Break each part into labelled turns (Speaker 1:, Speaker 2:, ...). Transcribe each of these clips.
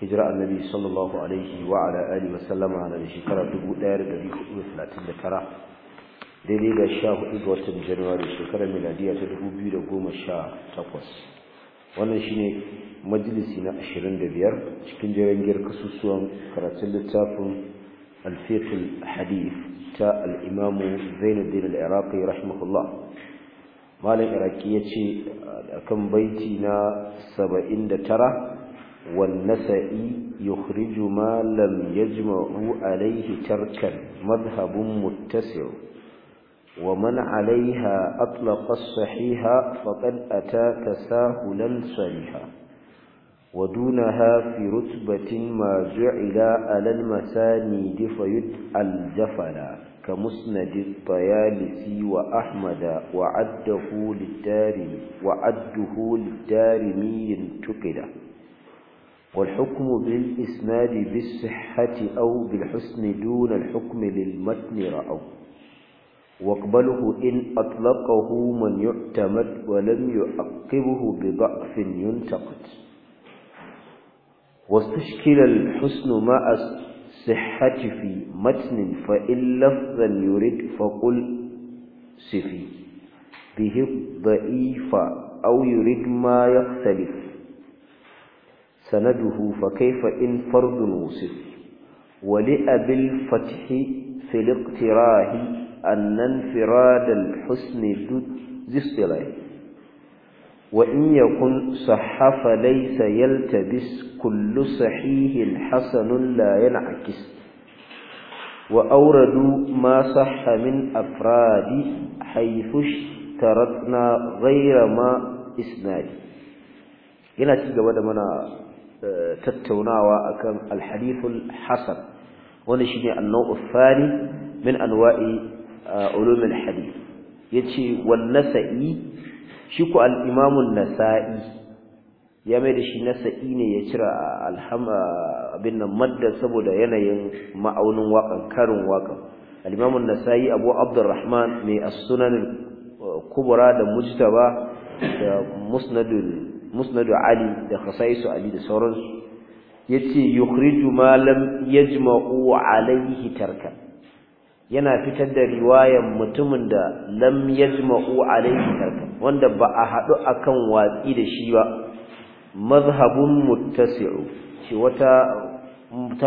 Speaker 1: hijira annabi sallallahu alaihi wa ala alihi wa sallama na da shekara 1439 daidai ga 14 ga watan Januwari shekarar miladiya ta 2018 wannan shine majalisi na 25 cikin jirangiyar kasusuwan karatun littafin الفيق الحديث تا الإمام زين الدين العراقي Malam iraki ya ce يتشي كم بيتنا سبعين ترى والنسائي يخرج ما لم يجمع عليه تركا مذهب متسع ومن عليها أطلق الصحيح فقد أتى تساهلا صريحا ودونها في رتبة ما جعل على المسانيد فيدعى الجفلا كمسند الطيالسي وأحمد وعده للدارمي وعده للدارمي انتقده والحكم بالإسناد بالصحة أو بالحسن دون الحكم للمتن رأوا واقبله إن أطلقه من يعتمد ولم يعقبه بضعف ينتقد واستشكل الحسن مع الصحة في متن فإن لفظا يرد فقل سفي به الضئيف أو يرد ما يختلف سنده فكيف إن فرد وصف ولأبي الفتح في الاقتراه أن انفراد الحسن ذي الصلاة وإن يكن صح فليس يلتبس كل صحيح حسن لا ينعكس وأوردوا ما صح من أفراد حيث اشترطنا غير ما إسناد هنا بعد ما tattaunawa akan alhadithul hasan wanda shine annau thani min anwa'i uh, ulumul hadith yace wan nasa'i shi ku al-imamun nasa'i ya mai da shi nasa'i ne ya cire alhama abin madda saboda yanayin ma'aunin waƙan karin waƙan al-imamun nasa'i abu abdurrahman mai as-sunan kubra da mujtaba da musnadul Musnadu ali da khasaisu ali da sauransu yace yukhriju ma lam yajma'u alayhi tarkan yana fitar da riwayan mutumin da lam yajma'u alayhi tarkan wanda ba a hadu akan watsi da shi ba mazhabun muttasi'u shi wata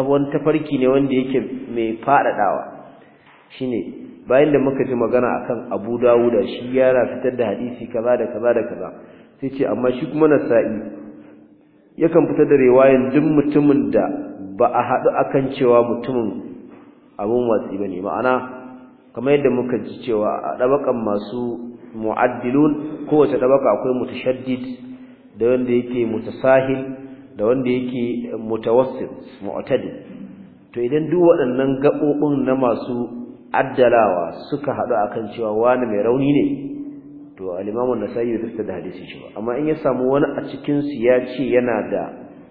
Speaker 1: wani tafarki ne wanda yake mai faɗaɗawa shine bayan da muka ji magana akan Abu Dawuda shi yana fitar da hadisi kaza da kaza da kaza sai ce amma shi kuma nasa'i yakan fita da riwayan duk mutumin da ba a haɗu akan cewa mutumin abun watsi ne ma'ana kamar yadda muka ji cewa a ɗabakan masu mu'addilun kowace ɗabaka akwai mutashaddid da wanda yake mutasahil da wanda yake mutawassit mu'tadil to idan duk waɗannan gaɓoɓin na masu addalawa suka haɗu akan cewa wani mai rauni ne to al-Imam an-Nasa'i da fitar da hadisi shi amma in ya samu wani a cikin su ya ce yana da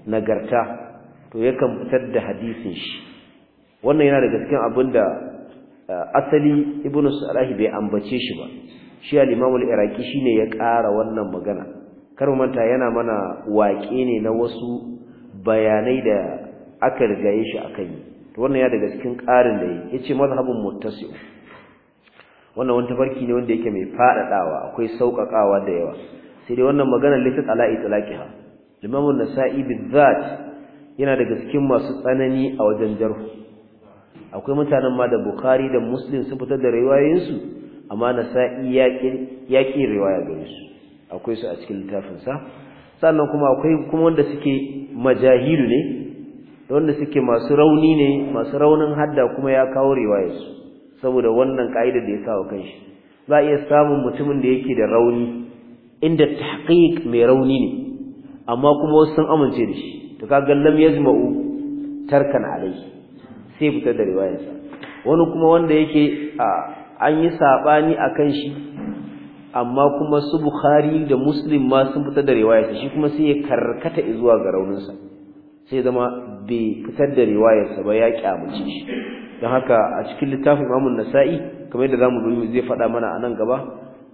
Speaker 1: nagarta to yakan fitar da hadisin shi wannan yana da cikin abin da eh, asali ibnu Sa'lahi bai ambace shi ba shi al-Imam al-Iraqi shine ya ƙara wannan magana kar manta yana mana waƙe ne na wasu bayanai da aka rigaye shi akai to wannan ya daga cikin ƙarin da yake yace mazhabun muttasi' wannan wani tafarki ne wanda yake mai faɗaɗawa akwai sauƙaƙawa da yawa sai dai wannan maganar lisat ala itlaqiha Imam an-Nasa'i bizat yana daga cikin masu tsanani a wajen jarhu akwai mutanen ma da Bukhari da Muslim sun fitar da riwayoyin su amma Nasa'i ya ƙi riwaya gare su akwai su a cikin littafin sa sannan kuma akwai kuma wanda suke majahilu ne da wanda suke masu rauni ne masu raunin hadda kuma ya kawo riwayar su saboda wannan ka'idar da ya sa wa kanshi za a iya samun mutumin da yake da rauni inda tahqiq mai rauni ne amma kuma wasu sun amince da shi to kaga lam yajma'u tarkan alai sai fitar da sa wani kuma wanda yake an yi sabani akan shi amma kuma su bukhari da muslim ma sun fitar da sa shi kuma sai ya karkata zuwa ga rauninsa sai zama bai fitar da riwayarsa ba ya kyamace shi don haka a cikin littafin amun nasa'i kamar yadda zamu zo zai faɗa mana anan gaba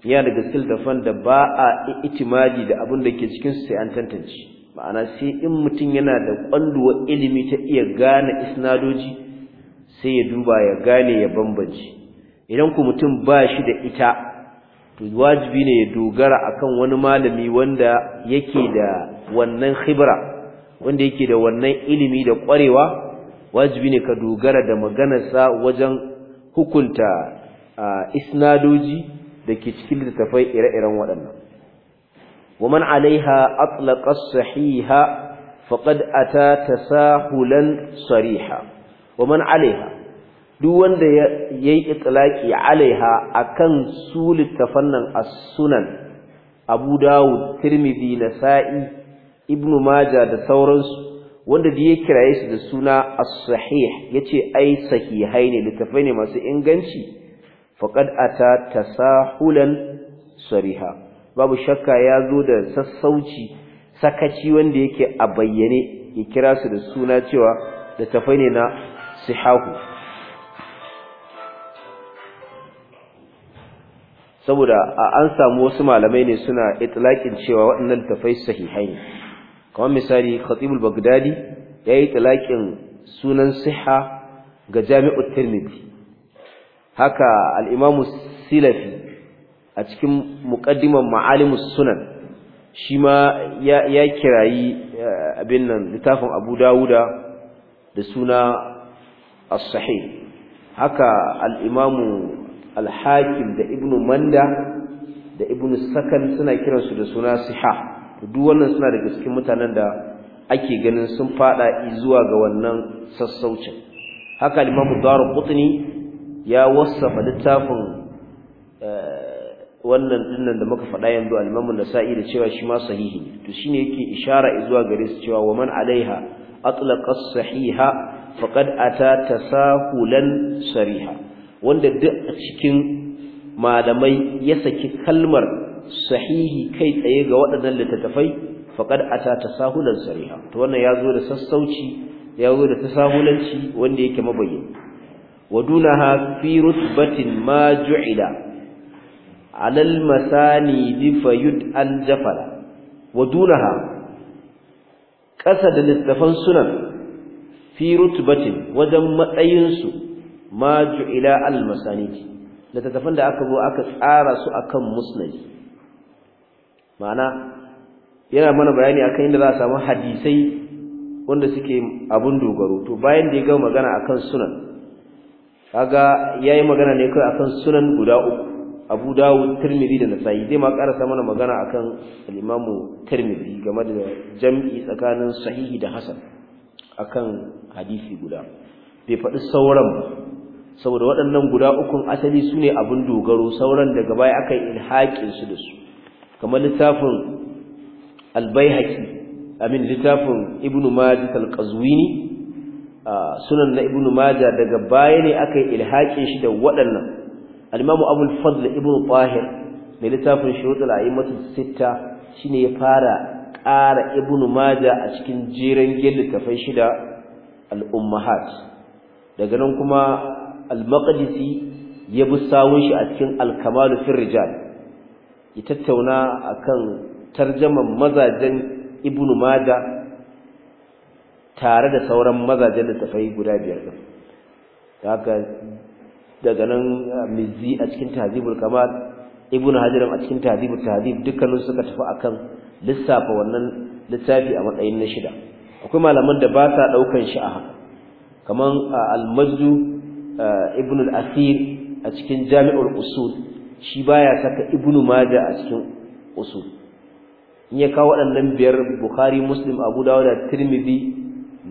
Speaker 1: ya da gaske littafan da ba a itimadi da abin da ke cikin sai an tantance ma'ana sai in mutum yana da ƙwanduwa ilimi ta iya gane isnadoji sai ya duba ya gane ya bambance idan ku mutum ba shi da ita to wajibi ne ya dogara akan wani malami wanda yake da wannan khibra wanda yake da wannan ilimi da ƙwarewa wajibi ne ka dogara da maganarsa wajen hukunta isnadoji da ke cikin littattafai ire-iren waɗannan Waman alaiha atlaqa sahiha ta ta tasahulan sariha waman alaiha duk wanda yayi itlaqi alaiha a kan su littafan nan a sunan Abu Dawud Tirmidhi Nasa'i Ibn maja da sauransu wanda da ya kiraye su da suna as-sahih yace ai sahihai ne littafai ne masu inganci faqad ata tasahulan sariha babu shakka ya zo da sassauci sakaci wanda yake a bayyane ya kira su da suna cewa littafai ne na sihahu saboda an samu wasu malamai ne suna itilakin cewa waɗannan littafai sahihai ne kamar misali khatibul bagdadi yayi talakin sunan siha ga jami'ut tirmidhi haka al-imamu silafi a cikin muƙaddiman ma'alimus sunan shi ma ya kirayi eh, abin nan littafin abu dawuda da suna as-sahih haka al'imamu alhakim al-hakim da ibnu manda da ibnu sakan suna kiransu da suna siha duk wannan suna daga cikin mutanen da ake ganin sun fada zuwa ga wannan sassaucin haka Imam Daruqutni ya wasafa littafin eh, wannan dinnan da muka faɗa yanzu imam Nasa'i da cewa shi ma sahihi to shine yake ishara zuwa gare su cewa wa alaiha atlaqa sahiha faqad ata tasahulan sariha wanda duk cikin malamai ya saki kalmar sahihi kai tsaye ga waɗannan littattafai faqad ata tasahulan sariha to wannan yazo da sassauci yazo da tasahulanci wanda yake mabayyani wadunaha fi rutbatin ma ju'ila alal masani bi fayud an jafala wadunaha ƙasa da littafan sunan fi rutbatin wajen matsayin su ma ju'ila al masani littafan da aka zo aka tsara su akan musnadi ma'ana yana mana bayani akan inda za a samu hadisai wanda suke abun dogaro to bayan da ya gama magana akan sunan kaga yayi magana ne kai akan sunan guda uku Abu Dawud Tirmidhi da Nasa'i dai ma karasa mana magana akan al-Imam Tirmidhi game da jam'i tsakanin sahihi da hasan akan hadisi guda bai faɗi sauran ba saboda waɗannan guda ukun asali sune abun dogaro sauran daga baya aka yi su da su kamar littafin albaihaki amin littafin ibnu majah al-qazwini sunan na ibnu majah daga baya ne aka yi ilhakin shi da waɗannan al-imam abul fadl ibnu tahir mai littafin shurutul a'immatus sitta shine ya fara ƙara ibnu majah a cikin jiran littafai shida al-ummahat daga nan kuma al-maqdisi ya bi sawun shi a cikin al-kamalu rijal ya tattauna kan tarjaman mazajen ibnu maja tare da sauran mazajen da tafai guda biyar din haka daga nan mizi a cikin tazibul kamar Ibn Hajar a cikin tazibul tazib dukkanin suka tafi akan lissafa wannan littafi a matsayin na shida akwai malaman da ba sa ɗaukan shi a haka kamar al-Majdu ibn asir a cikin Jami'ul Usul shi baya saka ibnu maja a cikin usul in ya kawo waɗannan biyar bukhari muslim abu dawud da tirmidhi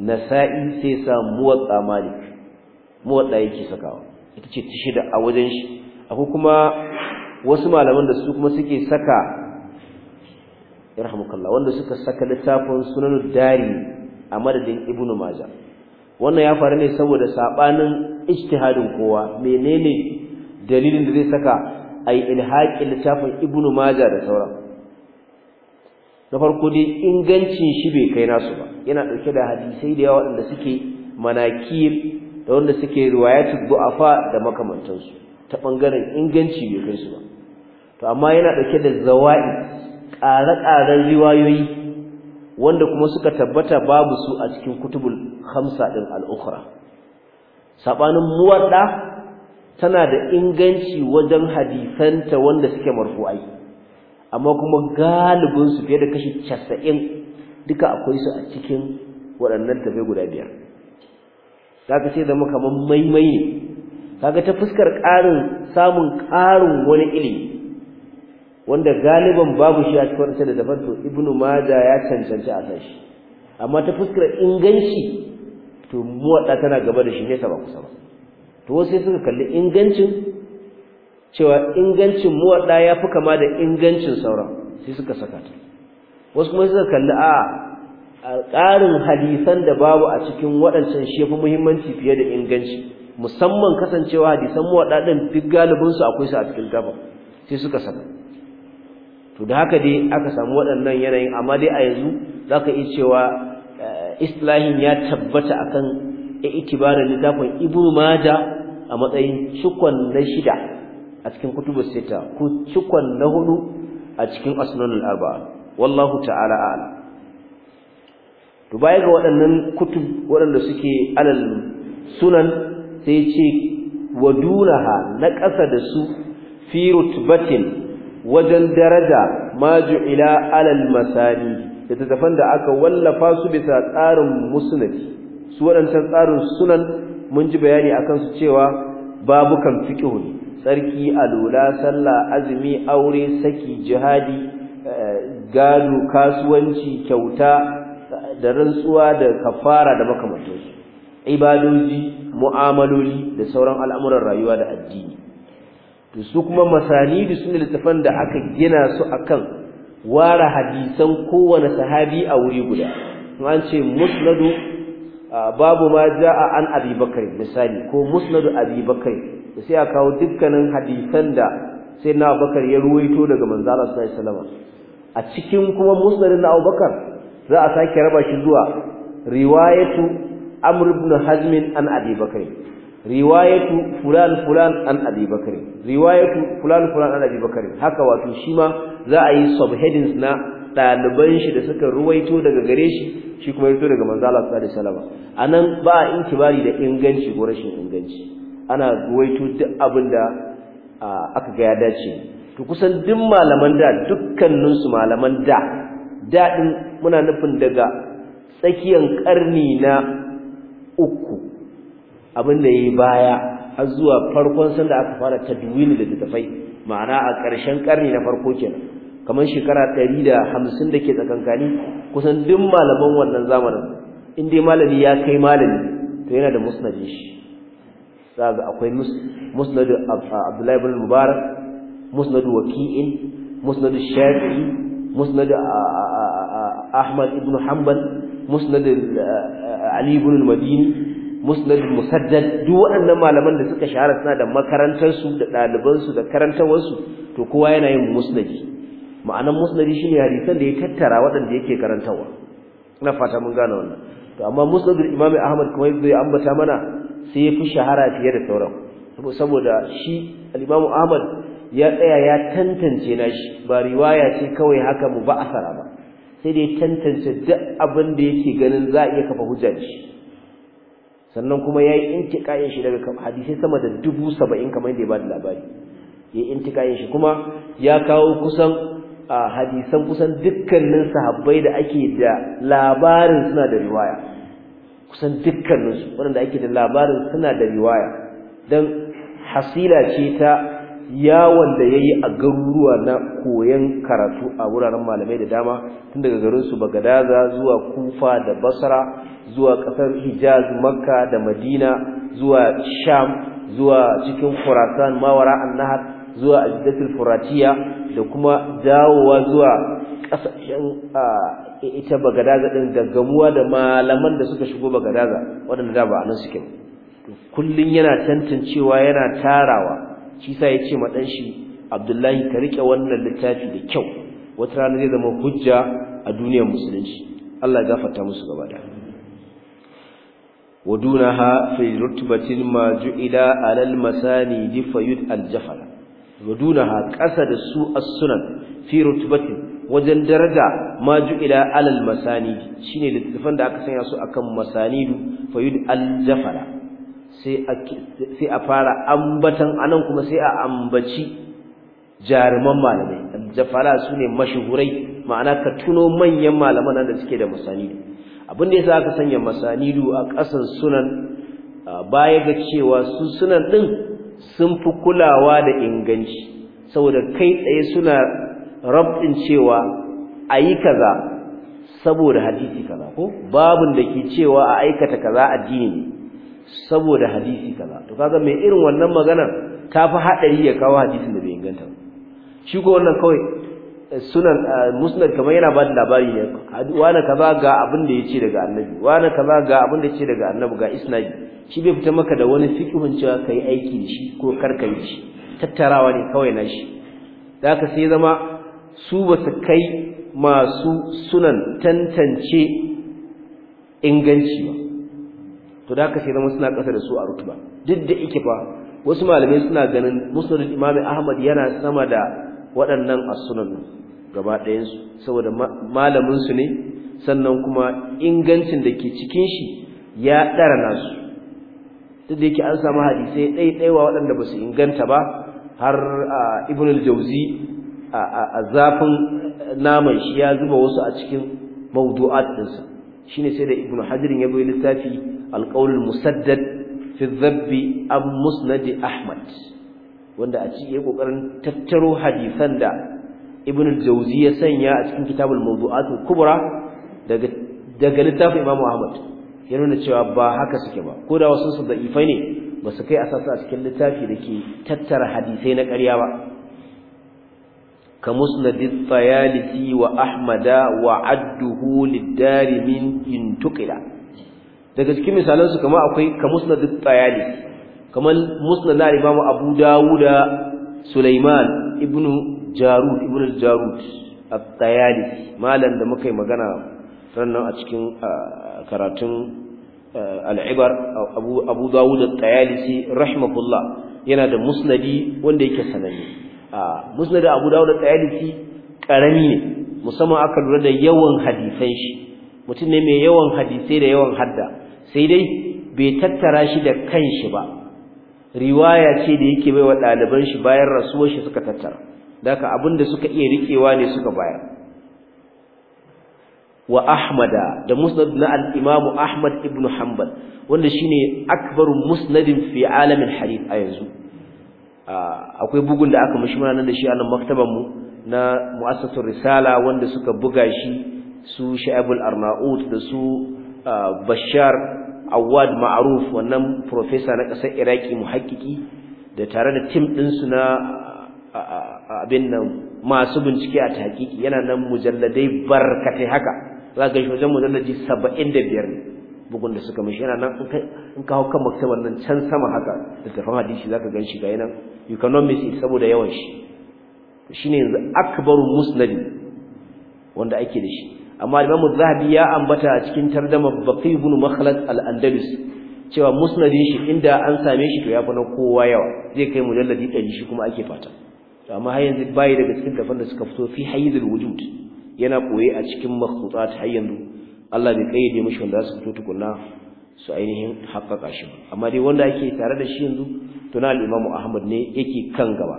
Speaker 1: nasa'i sai sa muwatta malik muwatta yake sakawa ita ce ta shida a wajen shi akwai kuma wasu malaman da su kuma suke saka irhamukallah wanda suka saka littafin sunan dari a madadin ibnu maja wannan ya faru ne saboda sabanin ijtihadin kowa menene dalilin da zai saka ay ilhaqi littafin ibnu majah da sauran na farko dai ingancin shi bai kai nasu ba yana dauke da hadisai da yawa wanda suke manakir da wanda suke riwayatu du'afa da makamantansu ta bangaren inganci bai kai su ba to amma yana dauke da zawa'i ƙare riwayoyi wanda kuma suka tabbata babu su a cikin kutubul khamsa din al-ukhra sabanin muwadda tana da inganci wajen hadisanta wanda suke marfu'ai amma kuma galibin su fiye da kashi 90 duka akwai su a cikin waɗannan tafe guda biyar zaka ce da muka maimai ne kaga ta fuskar ƙarin samun ƙarin wani ilimi wanda galiban babu shi a cikin da daban to ibnu maja ya cancanci a san shi amma ta fuskar inganci to muwadda tana gaba da shi ne ta kusa ba to wasu suka kalli ingancin cewa ingancin da ya fi kama da ingancin sauran sai suka saka ta wasu kuma suka kalli a ƙarin hadisan da babu a cikin waɗancan shi fi muhimmanci fiye da inganci musamman kasancewa hadisan da ɗin duk galibinsu akwai su a cikin gaba sai suka saka to da haka dai aka samu waɗannan yanayin amma dai a yanzu za ka iya cewa eh, islahin ya tabbata akan itibarin littafin ibnu maja a matsayin cikon na shida a cikin kutubus sita ko cikon na hudu a cikin asnanul arba wallahu ta'ala a'lam to baya ga waɗannan kutub waɗanda suke alal sunan sai ce wa dunaha na ƙasa da su fi rutbatin wajen daraja maju ila alal masani da tattafan da aka wallafa su bisa tsarin musnad su waɗancan tsarin sunan mun ji bayani akan su cewa babu babukan fiqh tsarki alula sallah azumi aure saki jihadi eh, gado kasuwanci kyauta da rantsuwa da kafara da makamantansu ibadoji mu'amaloli da sauran al'amuran rayuwa da addini to su kuma masani da sunan littafan da aka gina su akan wara hadisan kowane sahabi a wuri guda an ce musnadu babu ma ja'a an abi bakari misali ko Musnad abi bakari sai a kawo dukkanin hadisan da sai na bakar ya ruwaito daga Manzara sallallahu alaihi wasallam a cikin kuma musnadin na abubakar za a sake raba shi zuwa riwayatu amr ibn hazm an abi bakari riwayatu fulan fulan an abi bakari riwayatu fulan fulan an abi bakari haka wato shi ma za a yi subheadings na ɗaliban shi da suka ruwaito daga gare shi shi kuma ruwaito daga manzo Allah sallallahu alaihi wasallam anan ba bari da inganci ko rashin inganci ana ruwaito duk abin da aka gaya dace to kusan duk malaman da dukkanin malaman da daɗin muna nufin daga tsakiyar karni na uku abin da yayi baya har zuwa farkon sanda aka fara tadwini da tafai ma'ana a ƙarshen karni na farko kenan kamar shekara ɗari da hamsin da ke tsakankani kusan duk malaman wannan zamanin in dai malami ya kai malami to yana da musnadin shi za ga akwai musnadu abdullahi ibn mubarak musnadu waki'in musnadu shafi'i musnadu ahmad ibn hanbal musnadu ali ibn madini musnadu musaddad duk waɗannan malaman da suka shahara suna da makarantarsu da ɗalibansu da karantarwarsu, to kowa yana yin musnadi ma'anan musnadi shine hadisan da ya tattara waɗanda yake karantawa ina fata mun gane wannan to amma musnadul imami ahmad kuma yadda ya ambata mana sai ya fi shahara fiye da sauran saboda shi al-imamu ahmad ya tsaya ya tantance nashi ba riwaya ce kawai haka mu ba asara ba sai dai tantance duk abin da yake ganin za a iya kafa hujja shi sannan kuma ya yi intikayin shi daga hadisai sama da dubu saba'in kamar yadda ya ba da labari ya yi intikayin shi kuma ya kawo kusan a hadisan kusan dukkanin sahabbai da ake da labarin suna da riwaya kusan dukkaninsu waɗanda ake da labarin suna da riwaya don hasila ce ta yawon da ya yi a garuruwa na koyon karatu a wuraren malamai da dama tun daga su bagadaza zuwa kufa da basra zuwa ƙasar hijaz makka da madina zuwa sham zuwa cikin khurasan mawara annahar zuwa aljidatul furatiya da kuma dawowa zuwa ƙasashen ita bagadaza ɗin gaggamuwa da malaman da suka shigo bagadaza waɗanda da ba a nan suke kullum yana tantancewa yana tarawa shi sa ya ce ɗan shi abdullahi ka riƙe wannan littafi da kyau wata rana zai zama hujja a duniyar musulunci allah ya gafarta musu gaba da ودونها في رتبة ما جعل على المسانيد فيد الجفل wadunaha ƙasa da su a sunan fi rutbatin wajen daraja ma ju'ila alal masani shine littattafan da aka sanya su akan masanidu fayud al-jafara sai a fara ambatan anan kuma sai a ambaci jaruman malamai al-jafara sune mashuhurai ma'ana katuno manyan malaman da suke da masanidu abin da yasa aka sanya masanidu a ƙasan sunan baya ga cewa su sunan din sun fi kulawa da inganci saboda kai tsaye suna rabin cewa a yi kaza saboda hadisi kaza ko babin da ke cewa a aikata kaza addini ne saboda hadisi kaza to kaga mai irin wannan maganar ta fi haɗari ya kawo hadisin da bai inganta shi ko wannan kawai
Speaker 2: eh, sunan eh, musnad kamar yana ba da labari ne wani kaza ga abin da ya ce daga annabi wani kaza ga abin da ya ce daga annabi ga isnadi
Speaker 1: shi bai fita maka da wani fikihun cewa kai aiki da shi ko karka yi shi tattarawa ne kawai na shi zaka sai zama su ba su kai masu sunan tantance inganci ba to da ka sai zama suna kasa da su a ba. duk da ike fa wasu malamai suna ganin musulun imami ahmad yana sama da waɗannan a sunan gaba ɗayansu saboda malamin ne sannan kuma ingancin da ke cikin shi ya ɗara nasu duk da yake an samu hadisai ɗaiɗaiwa waɗanda ba su inganta ba har ibn al jawzi a zafin naman shi ya zuba wasu a cikin mawdu'at ɗinsa shine sai da ibn hajarin ya bai littafi alƙawlul musaddad fi dhabbi am musnad ahmad wanda a ci ya kokarin tattaro hadisan da ibn al jawzi ya sanya a cikin kitabul mawdu'at kubra daga daga littafin imam ahmad ya nuna cewa ba haka suke ba ko da wasu su da'ifai ne ba su kai asasu a cikin littafi da ke tattara hadisai na ƙarya ba ka musnadin tsayaliti wa ahmada wa adduhu lidarimin tukila daga cikin misalansu kama akwai ka musnadin tsayaliti, kamar musnad na imamu abu dawuda sulaiman ibnu jarud ibnu jarud a tsayaliti malam da muka yi magana sannan a cikin karatun al'ibar abu dawud da tsayalisi rahimahullah yana da musnadi wanda yake sananne musnadi abu dawud da tsayalisi karami ne musamman aka lura da yawan hadisan shi mutum ne mai yawan hadisai da yawan hadda sai dai bai tattara shi da kanshi ba riwaya ce da yake baiwa ɗaliban shi bayan rasuwar shi suka tattara da abin da suka iya riƙewa ne suka bayar wa ahmada da musnad na al-imamu ahmad ibn hanbal wanda shine akbarun musnadin fi alamin hadith a yanzu akwai bugun da aka mishi nan da shi a nan maktaban mu na mu'assasatul risala wanda suka buga shi su sha'ibul arnaut da su bashar awad ma'ruf wannan professor na kasar iraki muhakkiki da tare da tim din su na abin nan masu bincike a tahqiqi yana nan mujalladai barkatai haka za ka shi wajen mujallaji saba'in da biyar ne bugun da suka mishi yana nan in ka hau kan maktabar nan can sama haka tafan hadisi za ka gan shi ga yanan you cannot miss it saboda yawan shi shine yanzu akbarun musnadi wanda ake da shi amma Imam Zahabi ya ambata a cikin tarjumar Baqi ibn Makhlad al-Andalus cewa musnadin shi inda an same shi to ya fi na kowa yawa zai kai mujalladi 100 shi kuma ake fata amma har yanzu bai daga cikin kafan da suka fito fi hayyizul wujud yana koye a cikin ta har yanzu Allah bai da mishi wanda za su fito tukunna su ainihin haƙƙaƙa shi amma dai wanda yake tare da shi yanzu to na al-Imam Ahmad ne yake kan gaba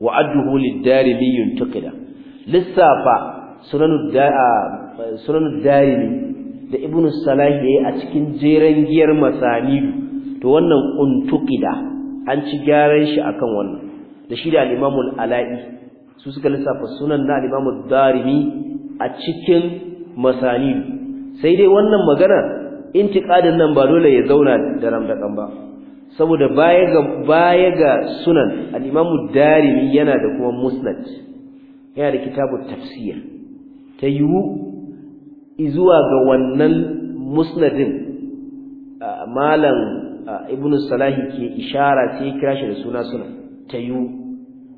Speaker 1: wa adduhu lid li lissafa sunanud da'a da ibnu salah yayi a cikin jeran giyar masani to wannan untukida an ci gyaran shi akan wannan da shi da al-Imam al-Ala'i su suka lissafa sunan na al darimi a cikin masani sai dai wannan magana intiqadin nan ba dole ya zauna da ramdakan ba saboda baya ga baya ga sunan al darimi yana da kuma musnad yana da kitabu tafsir ta yiwu zuwa ga wannan musnadin malam ibnu salahi ke ishara sai kira shi da suna suna tayu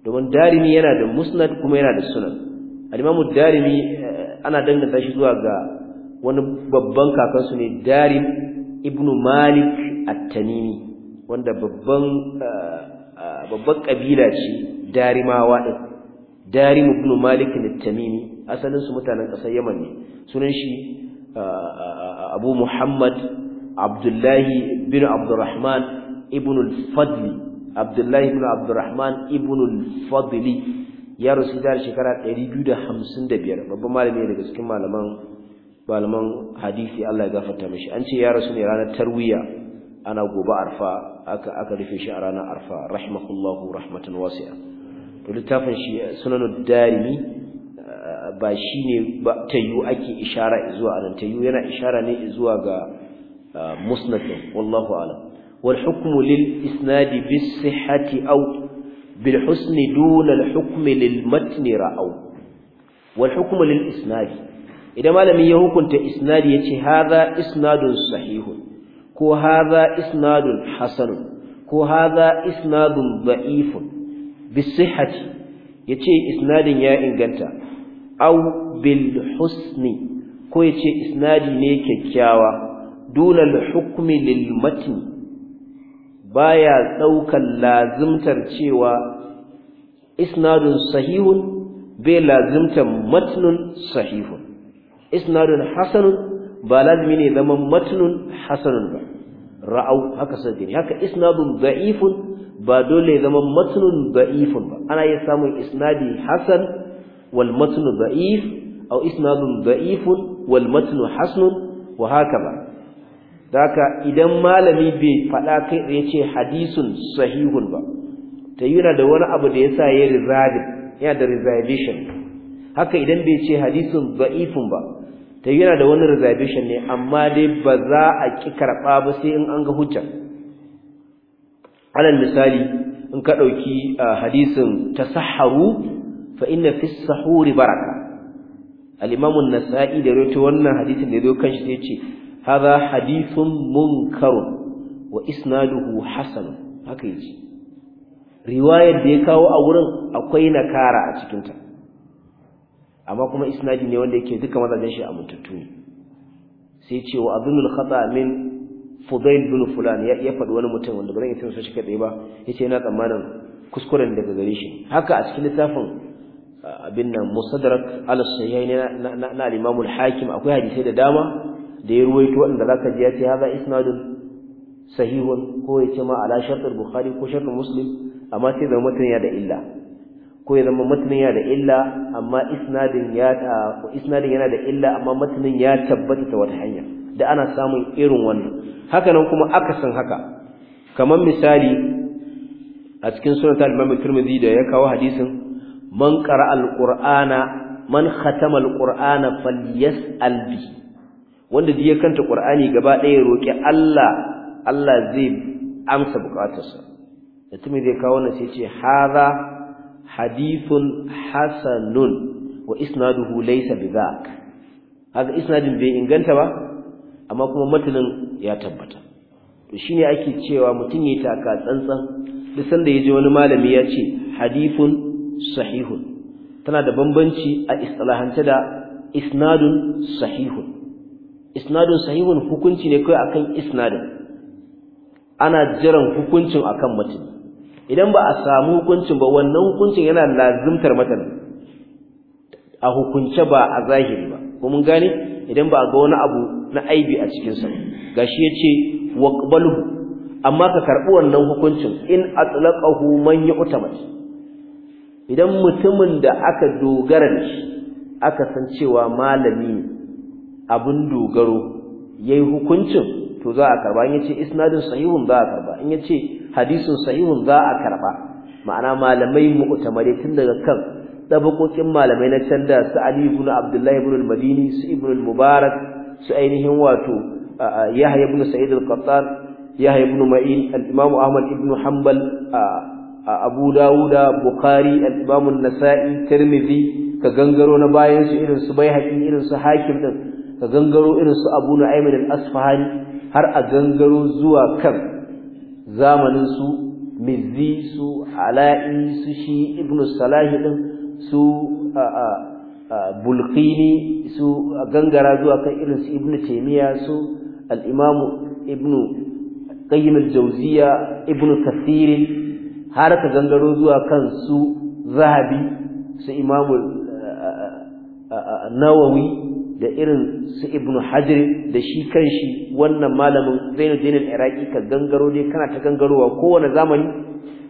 Speaker 1: domin darimi yana da musnad kuma yana da sunan al'imamu darimi eh, ana danganta shi zuwa ga wani babban kakansu ne darim Ibn malik at tanimi wanda babban eh, eh, babban kabila ce darimawa din darim Ibn malik at tanimi asalin su mutanen kasar yaman ne sunan shi abu muhammad abdullahi bin abdurrahman ibn al-fadli abdullahi ibn abdurrahman ibn al-fadli ya rasu da shekara 255 babban malami ne daga cikin malaman malaman hadisi Allah ya gafarta mishi an ce ya rasu ne ranar tarwiya ana gobe arfa aka aka rufe shi a ranar arfa rahimahullahu rahmatan wasi'a to littafin shi sunanud darimi ba shi ne ba tayu ake ishara zuwa nan tayu yana ishara ne zuwa ga ah, musnad wallahu a'lam والحكم للإسناد بالصحة أو بالحسن دون الحكم للمتن رأو والحكم للإسناد إذا ما لم يكن إسناد يتي هذا إسناد صحيح كو هذا إسناد حسن كو هذا إسناد ضعيف بالصحة يتي إسناد يا إنجنتا أو بالحسن كو يتي إسناد نيكي كياوا دون الحكم للمتن baya daukan lazimtar cewa isnadun sahihun bai lazimtar matnun sahihun isnadun hasanun ba lazimi ne zaman matnun hasanun ba ra'au haka sai gani haka isnadun da'ifun ba dole zaman matnun da'ifun ba ana iya samun isnadi hasan wal matnu da'if aw isnadun da'ifun wal matnu hasanun wa haka ba haka idan malami bai faɗa kai ya ce hadisun sahihun ba ta yi da wani abu da yasa ya rizali yana da reservation haka idan bai ce hadisun za'ifun ba ta yi da wani reservation ne amma dai ba za a ki karɓa ba sai in an ga hujja alal misali in ka ɗauki hadisin tasahharu fa inna fi sahuri baraka al nasai da rawaito wannan hadisin da ya zo sai ya ce hadha hadithun munkarun wa isnaduhu hasan haka yace riwayar da ya kawo a wurin akwai nakara a cikin ta amma kuma isnadi ne wanda yake duka mazajen shi a mutuntu ne sai ce wa abdul khata min fudail bin fulan ya faɗi wani mutum wanda bazan yi shi kadai ba yace yana tsammanin kuskuren daga gare shi haka a cikin littafin abin nan musaddarak al-sahihain na al-imam al-hakim akwai hadisi da dama da ya ruwaito wanda zaka ji ya ce haza isnadun sahihun ko ya ce ma ala shartul bukhari ko shartul muslim amma sai zama matan ya da illa ko ya zama matanin yana da illa amma isnadin ya isnadin yana da illa amma mutunin ya tabbata ta wata hanya da ana samun irin wannan haka nan kuma aka san haka kamar misali
Speaker 2: a cikin sunan al-Imam Tirmidhi da ya kawo hadisin
Speaker 1: man qara al-Qur'ana man khatama al-Qur'ana falyas'al bi wanda duk ya kanta Qur'ani gaba ɗaya roki Allah Allah zai amsa bukatarsa mutumin zai kawo na sai ce hadha hadithun hasanun wa isnaduhu laysa bidhak haka isnadin bai inganta ba amma kuma matanin ya tabbata to shine ake cewa mutum yayi taka tsantsan duk sanda yaje wani malami ya ce hadithun sahihun tana da bambanci a istilahance da isnadun sahihun isnadun sahihun hukunci ne kai akan isnadin ana jiran hukuncin akan mutum idan ba a samu hukuncin ba wannan hukuncin yana lazimtar mutum a hukunce ba a zahiri ba ko mun gane idan ba ga wani abu na aibi a cikin sa gashi yace waqbaluhu amma ka karbi wannan hukuncin in atlaqahu man yu'tamat idan mutumin da aka dogara da shi aka san cewa malami ne abin dogaro yayi hukuncin to za a karba in yace isnadin sahihun za a karba in yace hadisin sahihun za a karba ma'ana malamai mu'tamare tun daga kan tabakokin malamai na can da su Ali ibn Abdullah ibn al-Madini su ibn al-Mubarak su ainihin wato Yahya ibn Sa'id al-Qattan Yahya ibn Ma'in al-Imam Ahmad ibn Hanbal Abu Dawud Bukhari al-Imam an-Nasa'i Tirmidhi ka gangaro na bayan su irin su Baihaqi irin su Hakim din ka gangaro irin su Abu na al-Asfahani har a gangaro zuwa kan zamanin su Mizzi su Ala'i su shi Ibn Salah din su Bulqini su gangara zuwa kan irin su Ibn Taymiyyah su al-Imam Ibn Qayyim al-Jawziyya Ibn Kathir har ka gangaro zuwa kan su Zahabi su Imam Nawawi da irin su ibnu hajar da shi kanshi wannan malamin zainuddin al-iraqi ka gangaro dai kana ta gangarowa kowane zamani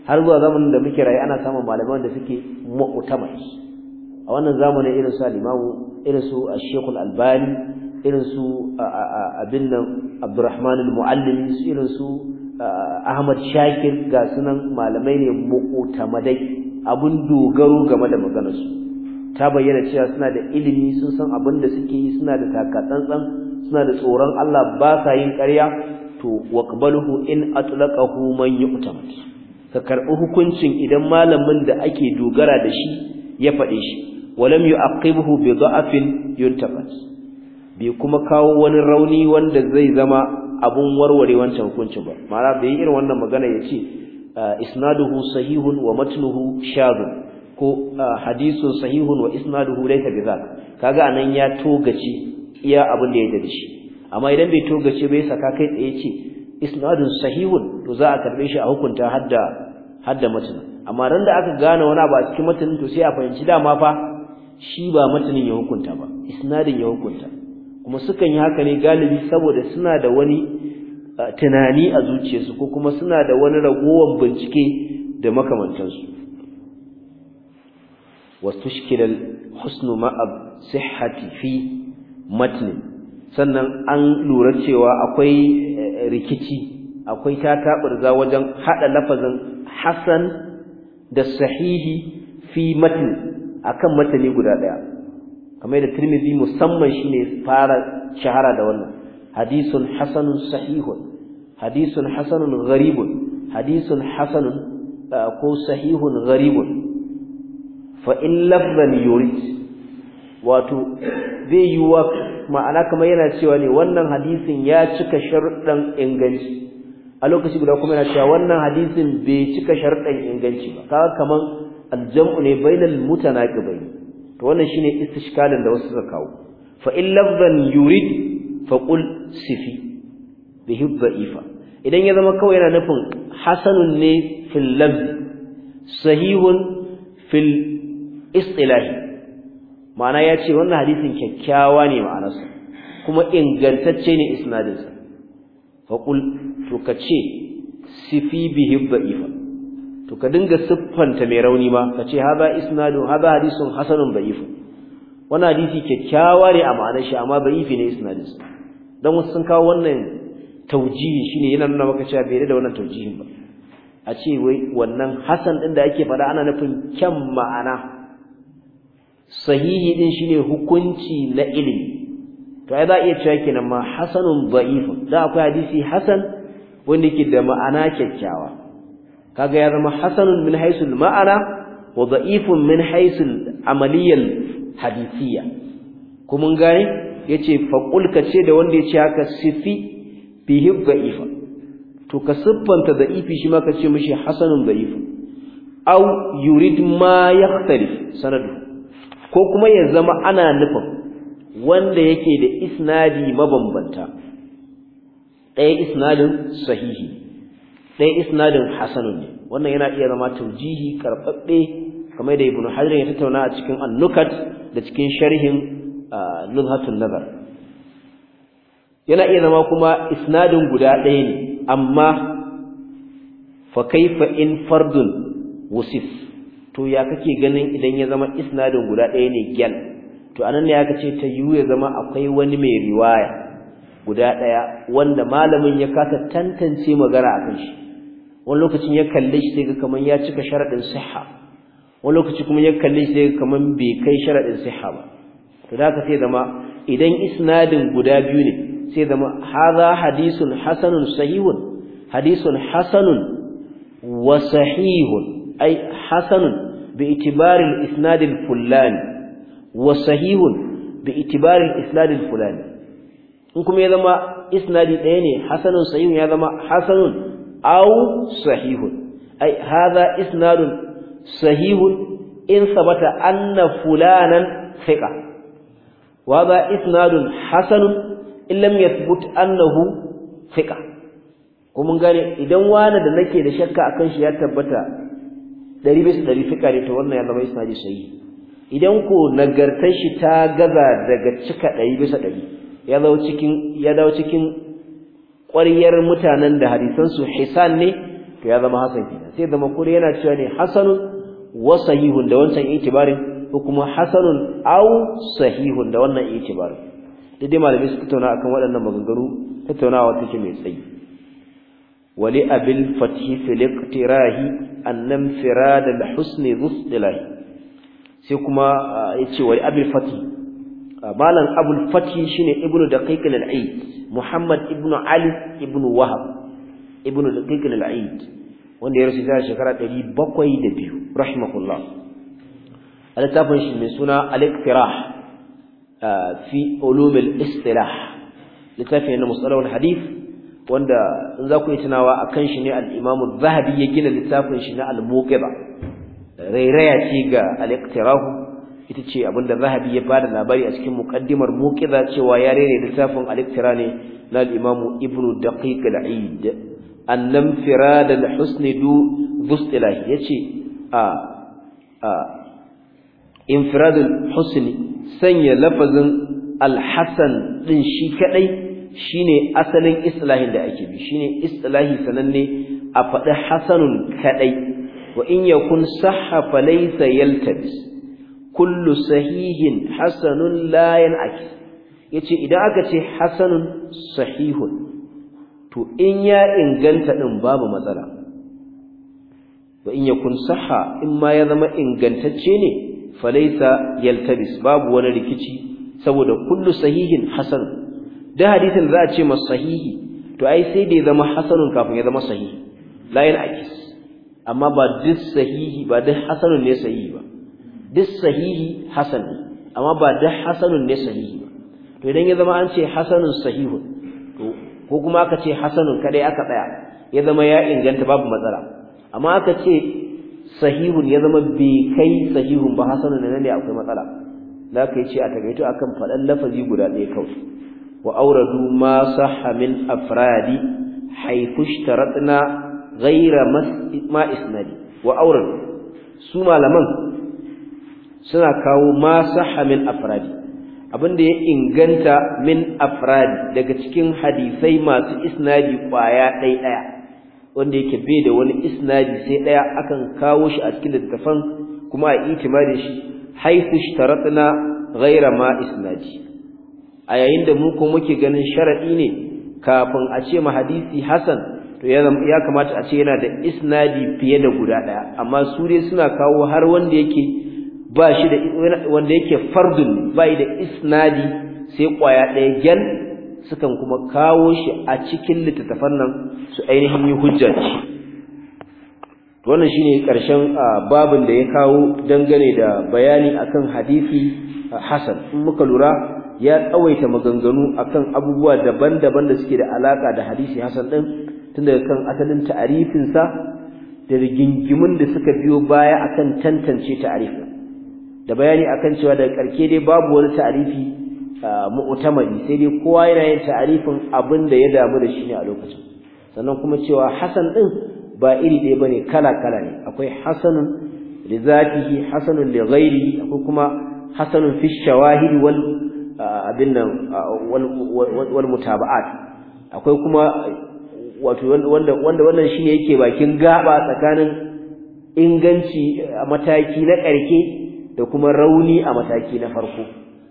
Speaker 1: har zuwa zamanin da muke rayu ana samun malaman da suke mu'tamar a wannan zamanin irin su al-imamu irin su sheikh al-albani irin su abin nan abdurrahman al-muallimi irin su ahmad shakir ga sunan malamai ne mu'tamadai abun dogaro game da maganarsu ta bayyana cewa suna da ilimi sun san abin da suke yi suna da takatsantsan suna da tsoron Allah ba sa yin ƙarya to waqbaluhu in atlaqahu man yu'tamad ka karbi hukuncin idan malamin da ake dogara da shi ya faɗe shi walam yu'aqibuhu bi da'afin yuntafas bai kuma kawo wani rauni wanda zai zama abun warware wancan hukuncin ba ma'ana bai irin wannan magana ya ce ah, isnaduhu sahihun wa matnuhu shadun ko hadisu sahihun wa isnaduhu laysa bizak kaga anan ya togace iya abin da ya dade shi amma idan bai togace bai saka kai tsaye ce isnadun sahihun to za a karbe shi a hukunta hadda hadda matan amma randa da aka gane wani abu a cikin matanin to sai a fahimci dama fa shi ba matanin ya hukunta ba isnadin ya hukunta kuma sukan yi haka ne galibi saboda suna da wani tunani a zuciyarsu ko kuma suna da wani ragowar bincike da makamantansu واستشكل الحسن مع صحة في متن sannan an lura cewa akwai rikici akwai tataburza wajen hada lafazin hasan da sahihi fi matn akan matani guda ɗaya kamar da Tirmidhi musamman shine fara shahara da wannan hadisun hasanun sahihun hadisun hasanun gharibun hadisun hasanun ko sahihun gharibun fa in lafzan yurid wato zai yi wa ma'ana kamar yana cewa ne wannan hadisin ya cika sharuɗan inganci a lokaci guda kuma yana cewa wannan hadisin bai cika sharuɗan inganci ba kaga kamar aljam'u ne bainal mutanaqibai to wannan shine istishkalin da wasu suka kawo fa in lafzan yurid fa qul sifi bihi dha'ifa idan ya zama kawai yana nufin hasanun ne fil lafzi sahihun fil istilahi ma'ana ya ce wannan hadisin kyakkyawa ne ma'anarsa kuma ingantacce ne isnadinsa kul to ka ce sifi bihi da'ifa to ka dinga siffanta mai rauni ma ka ce haza isnadu haza hadisun hasanun da'ifun wannan hadisi kyakkyawa ne a ma'anar shi amma da'ifi ne isnadinsa dan wasu sun kawo wannan taujihi shine yana nuna maka cewa bai da wannan taujihin ba a ce wai wannan hasan din da ake fada ana nufin kyan ma'ana sahihi din shine hukunci na ilimi to ai za iya cewa kenan ma hasanun da'if da akwai hadisi hasan wanda yake da ma'ana kyakkyawa kaga ya zama hasanun min haisul ma'ana wa da'ifun min haisul amaliyal hadisiya kuma gane yace faqul ka ce da wanda yace haka sifi bihi da'ifa to ka siffanta da'ifi shi ma ka ce mishi hasanun da'if aw yurid ma yakhtalif sanadu ko kuma ya zama ana nufin wanda yake da isnadi mabambanta ɗaya isnadin sahihi ɗaya isnadin hasanun ne wannan yana iya zama taujihi karɓaɓɓe kamar da ibn hajar ya tattauna a cikin annukat da cikin sharhin nuhatun nazar yana iya zama kuma isnadin guda ɗaya ne amma fa kaifa in fardun wusif to ya kake ganin idan ya zama isnadin guda ɗaya ne gyal to anan ne aka ce ta yiwu ya zama akwai wani mai riwaya guda ɗaya wanda malamin ya kasa tantance magana a kan shi wani lokacin ya kalle shi sai ga kamar ya cika sharaɗin siha wani lokaci kuma ya kalle shi sai ga kamar bai kai sharaɗin siha ba to da sai zama idan isnadin guda biyu ne sai zama hadha hadisun hasanun sahihun hadisun hasanun wa sahihun أي حسن باعتبار الإسناد الفلاني وصحيح باعتبار الإسناد الفلاني إنكم يا ذما إسناد ديني حسن صحيح يا ذما حسن أو صحيح أي هذا إسناد صحيح إن ثبت أن فلانا ثقة وهذا إسناد حسن إن لم يثبت أنه ثقة ko mun gane idan wani da nake da shakka akan shi ya tabbata ɗari bisa ɗari fika ne to wannan ya zama ji sai idan ko nagartar shi ta gaza daga cika ɗari bisa ɗari ya dawo cikin ya dawo cikin ƙwaryar mutanen da hadisan su hisan ne to ya zama hasan kenan sai zama kure yana cewa ne hasanun wa sahihun da wancan itibarin ko kuma hasanun aw sahihun da wannan itibarin dai malamai su tattauna akan waɗannan maganganu tattaunawa take mai tsayi ولأب الفتح في الاقتراه أن انفراد الحسن ذو اصطلاح سيكما يتشي ولأب الفتح بالا أبو الفتح شنو ابن دقيق العيد محمد ابن علي ابن وهب ابن دقيق العيد wanda ya rasu zai shekara ɗari bakwai da biyu rahimahullah a littafin shi mai suna al-iqtirah fi ulumul istilah littafin na musalawar hadith wanda in za ku yi tunawa a kan shi ne al'imamun zahabi ya gina littafin shi na al-muqiba rairaya ce ga al ita ce abinda zahabi ya bada labari a cikin muƙaddimar muqiba cewa ya rairaya littafin al ne na al-imamu ibnu daqiq al-eid annam firad du dhustilahi yace a a infirad al sanya lafazin al-hasan din shi kaɗai. shine asalin islahin da ake bi shine islahi sananne a faɗi hasanun kaɗai. wa in yakun sahha falaysa yaltabis kullu sahihin hasanun la yanaki yace idan aka ce hasanun sahihun to in ya inganta din babu matsala wa in yakun sahha in ma ya zama ingantacce ne falaysa yaltabis babu wani rikici saboda kullu sahihin hasanun da hadisin za a ce masa sahihi to ai sai da ya zama hasanun kafin ya zama sahihi la akis. amma ba duk sahihi ba duk hasanun ne sahihi ba duk sahihi hasan amma ba duk hasanun ne sahihi ba to idan ya zama an ce hasanun sahihun to ko kuma aka ce hasanun kadai aka tsaya ya zama ya inganta babu matsala amma aka ce sahihun ya zama bai kai sahihun ba hasanun ne akwai matsala za ka yi ce a takaito akan faɗan lafazi guda ɗaya kawai وأوردوا ما صح من أفراد حيث اشترطنا غير ما وأوردوا سوما لمن suna kawo ma saha min abin abinda ya inganta min afrad daga cikin hadisai masu isnadi kwaya ɗaya ɗaya wanda yake bai da wani isnadi sai ɗaya akan kawo shi a cikin littafan kuma a itimadi shi haifu shtaratna ghaira ma isnadi a yayin da mu ko muke ganin sharadi ne kafin a ce mahadisi hasan to ya kamata a ce yana da isnadi fiye da guda daya amma su dai suna kawo har wanda yake ba shi da wanda yake fardun ba da isnadi sai kwaya daya gyan sukan kuma kawo shi a cikin littattafan nan su ainihin yi hujja wannan shine karshen babin da ya kawo dangane da bayani akan hadisi hasan in muka lura ya tsawaita maganganu akan abubuwa daban-daban da suke da alaka da hadisi hasan ɗin, tun daga kan asalin ta'arifinsa da rigingimin da suka biyo baya akan tantance ta'arifin da bayani akan cewa daga karke dai babu wani ta'arifi mu'tamari sai dai kowa yana yin ta'arifin abin da ya damu da shi ne a lokacin sannan kuma cewa hasan ɗin ba iri ɗaya ba ne kala kala ne akwai hasanun lizafihi hasanun lizairi akwai kuma hasanun fi shawahidi wal abin nan wal mutaba'at akwai kuma wato wanda wanda wannan shi yake bakin gaba tsakanin inganci a mataki na ƙarke da kuma rauni a mataki na farko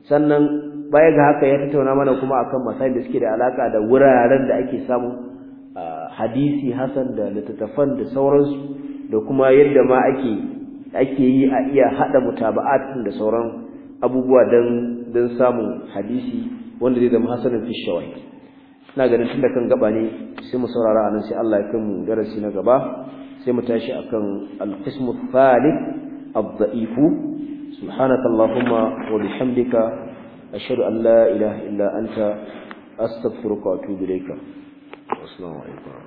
Speaker 1: sannan baya ga haka ya tattauna mana kuma akan masail da suke da alaka da wuraren da ake samu hadisi hasan da littattafan da sauransu da kuma yadda ma ake ake yi a iya haɗa mutaba'a da sauran abubuwa dan don samun hadisi wanda zai zama hasanin fi na ina ganin tunda kan gaba ne sai mu saurara anan sai Allah ya kai mu darasi na gaba sai mu tashi akan al-qismu thalith ad-da'if subhanaka allahumma wa bihamdika ashhadu an la ilaha illa anta astaghfiruka wa atubu ilayka assalamu alaikum